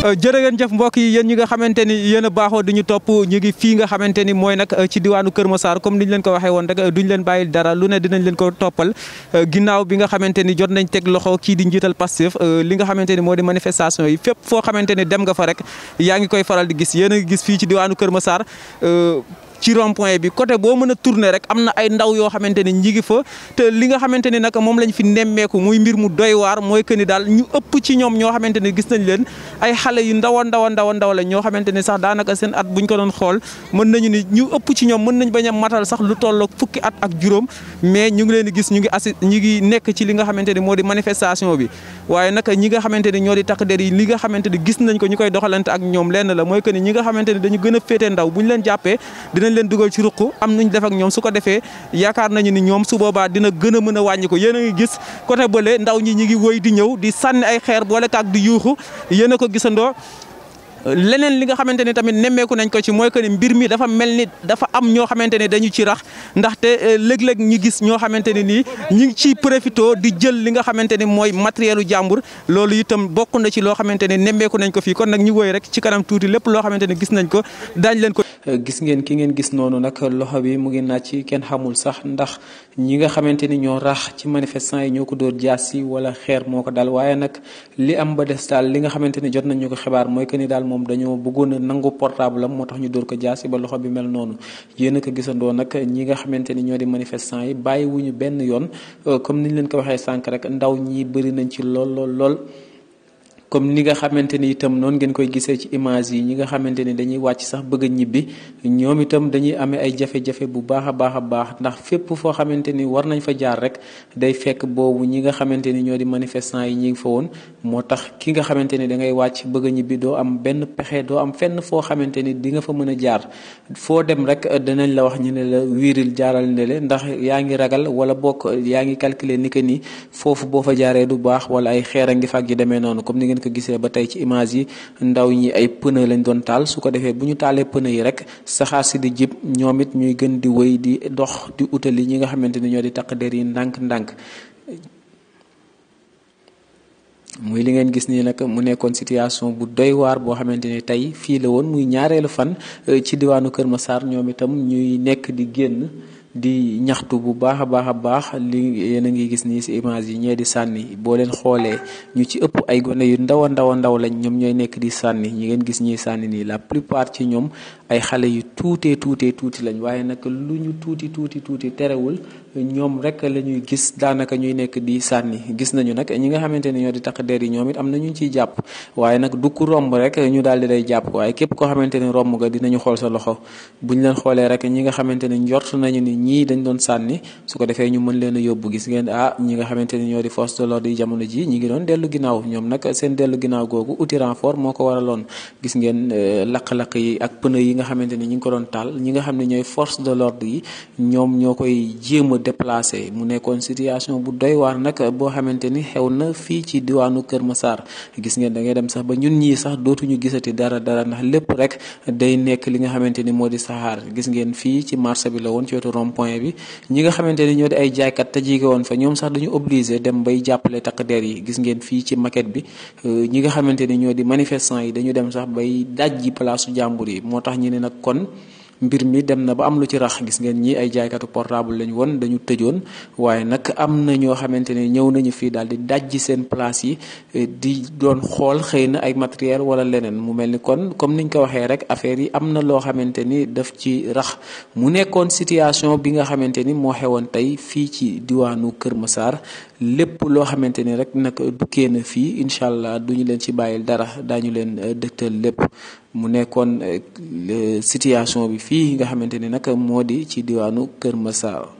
Euh, jërë ngeen jëf mbokk yi yéen ñi nga xamante ni yéen a baaxoo di ñu topp ñu ngi fii nga xamante ni mooy nag euh, ci diwaanu Kër Massar comme ni ñu leen ko waxee woon rek euh, duñ leen bàyyil dara lu ne dinañ leen ko toppal ginnaaw bi nga xamante ni jot nañ teg loxo kii di njiital Pastef li nga xamante ni moo di manifestation yi fépp foo xamante ni dem nga fa rek yaa ngi koy faral di gis yéen a gis fii ci diwaanu Kër ma saar ci rond-point bi côté boo mën a tourner rek am na ay ndaw yoo xamante ni ñi ngi te li nga xamante ni nag moom lañ fi nemmeeku muy mbir mu doy waar mooy que ni daal ñu ëpp ci ñoom ñoo xamante ni gis nañ leen ay xale yu ndaw a ndaw a a ñoo xamante ni sax daanaka seen at buñ ko doon xool mën nañu ni ñu ëpp ci ñoom mën nañ bañ matal sax lu tolloog fukki at ak juróom mais ñu ngi leen di gis ñu ngi assi ñu ngi nekk ci li nga xamante ni moo di manifestation bi waaye nag ñi nga xamante ni ñoo di takk der yi li nga xamante ni gis nañ ko ñu koy doxalante ak ñoom lenn la mooy que ni ñi nga xamante ni dañu gën a féete ndaw buñ leen jàppee dinañ leen dugal ci ruq am nuñ def ak ñoom su ko defee yaakaar nañu ni ñoom su boobaa dina gën a mën a wàññi ko yéen a ngi gis côté bële ndaw ñi ñi ngi woy di ñëw di sànni ay xeer boole kaak di yuuxu yéen a ko gisandoo leneen li nga xamante ni tamit nemmeeku nañ ko ci mooy que ni mbir mi dafa mel ni dafa am ñoo xamante ne dañu ci rax ndaxte euh, léeg-léeg ñu gis ñoo xamante ne nii ñu ngi ciy profito di jël li nga xamante ni mooy matérielu jàmbur loolu itam bokk na ci loo xamante ne nemmeeku nañ ko fii kon nag ñu woy rek ci kanam tuuti lépp loo xamante ne gis nañ ko daañ leen ko gis ngeen ki ngeen gis noonu nag loxo bi mu ngi naaj ci kenn xamul sax ndax ñi nga xamante ni ñoo rax ci manifestant yi ñoo ko dóor jaasi wala xeer moo ko dal waaye nag li am ba des daal li nga xamante ni jot nañ ko xibaar mooy que ni daal moom dañoo bëggoon a nangu portable moo tax ñu dóor ko jaasi ba loxo bi mel noonu yéen a ko gisandoo nag ñi nga xamante ni ñoo di manifestant yi bàyyiwuñu benn yoon euh, comme niñ leen ko waxee sànq rek ndaw ñi bëri nañ ci lool lool lool comme ni nga xamante ni itam noonu ngeen koy gisee ci image yi ñi nga xamante ni dañuy wàcc sax bëgg a ñibbi ñoom itam dañuy amee ay jafe-jafe bu baax a baax a baax ndax fépp foo xamante ni war nañ fa jaar rek day fekk boobu ñi nga xamante ni ñoo di manifestant yi ñi ngi moo tax ki nga xamante ni da ngay wàcc bëgg a ñibbi doo am benn pexe doo am fenn foo xamante ni di nga fa mën a jaar foo dem rek danañ la wax ñu ne la wiiril jaaral ne ndax yaa ngi ragal wala bokk yaa ngi calculer ni que ni foofu boo fa jaaree du baax wala ay xeer a ngi fa ak yu demee ngeen ko gisee ba tey ci image yi ndaw ñi ay pneu lañ doon taal su ko defee bu ñu taalee pneu yi rek saxaar si di jib ñoom it ñuy gën di wëy di dox di utali ñi nga xamante ni ñoo di takk der yi ndànk-ndànk muy li ngeen gis nii nag mu nekkoon situation bu doy waar boo xamante ni tey fii la woon muy ñaareelu fan eh, ci diwaanu Kër Massar ñoom itam ñuy nekk di génn di ñaxtu bu baax a baax a baax li yéen a ngi gis nii si image yi ñee di sànni boo leen xoolee ñu ci ëpp ay gone yu ndaw a ndaw a ndaw lañ ñoom ñooy nekk di sànni ñi ngeen gis ñuy sànni nii la plupart ci ñoom ay xale yu tuutee tuutee tuuti lañ waaye nag lu ñu tuuti tuuti tuuti terewul ñoom rek lañuy gis daanaka ñuy nekk di sànni gis nañu nag ñi nga xamante ne ñoo di takk der yi ñoom it am na ñu ciy jàpp waaye nag du ku romb rek ñu daal di day jàpp waaye képp koo xamante ne romb nga dinañu xool sa loxo buñ leen xoolee rek ñi nga xamante ne njort nañu nii ñi dañ doon sànni su ko defee ñu mën leen a yóbbu gis ngeen ah ñi nga xamanteni ñoo di force de l'ordre yi jamono ji ñi ngi doon dellu ginnaaw ñoom nag seen dellu ginnaaw googu outil renfort moo ko waraloon gis ngeen euh, lakk-lakk yi ak pneu yi nga xamante ni ñi ngi ko doon taal ñi nga xam ne ñooy force de l'ordre yi ñoom ñoo koy jéem a déplacé mu nekkoon situation bu doy waar nag boo xamante ni xew na fii ci diwaanu kër Massar gis ngeen da ngay dem sax ba ñun ñii sax dootuñu gisati dara dara ndax lépp rek day nekk li nga xamante ni moo di saxaar gis ngeen fii ci marché bi la woon ci wetu rom point bi ñi nga xamante ni ñoo di ay jaaykat te jige woon fa ñoom sax dañu obligé dem bay jàppale takk der yi gis ngeen fii ci maquette bi euh, ñi nga xamante ni ñoo di manifestant yi dañu dem sax bay daj palaasu jàmbur yi moo tax ñu ne nag kon mbir mi dem na ba am lu ci rax gis ngeen ñi ay jaaykatu portable lañ woon dañu tëjoon waaye nag am na ñoo xamante ne ñëw nañu fii daal di dajji seen place yi eh, di doon xool xëy na ay matériel wala leneen mu mel ni kon comme niñ ko waxee rek affaire yi am na loo xamante ni daf ci rax mu nekkoon situation bi nga xamante ni moo xewoon tey fii ci diwaanu Kër Massar lépp loo xamante ni rek nag dukkee na fii incha allah duñu leen ci bàyyil dara daañu leen eh, dëgtal lépp mu nekkoon eh, situation bi fii nga xamante ni nag moo di ci diwaanu Kër Massar.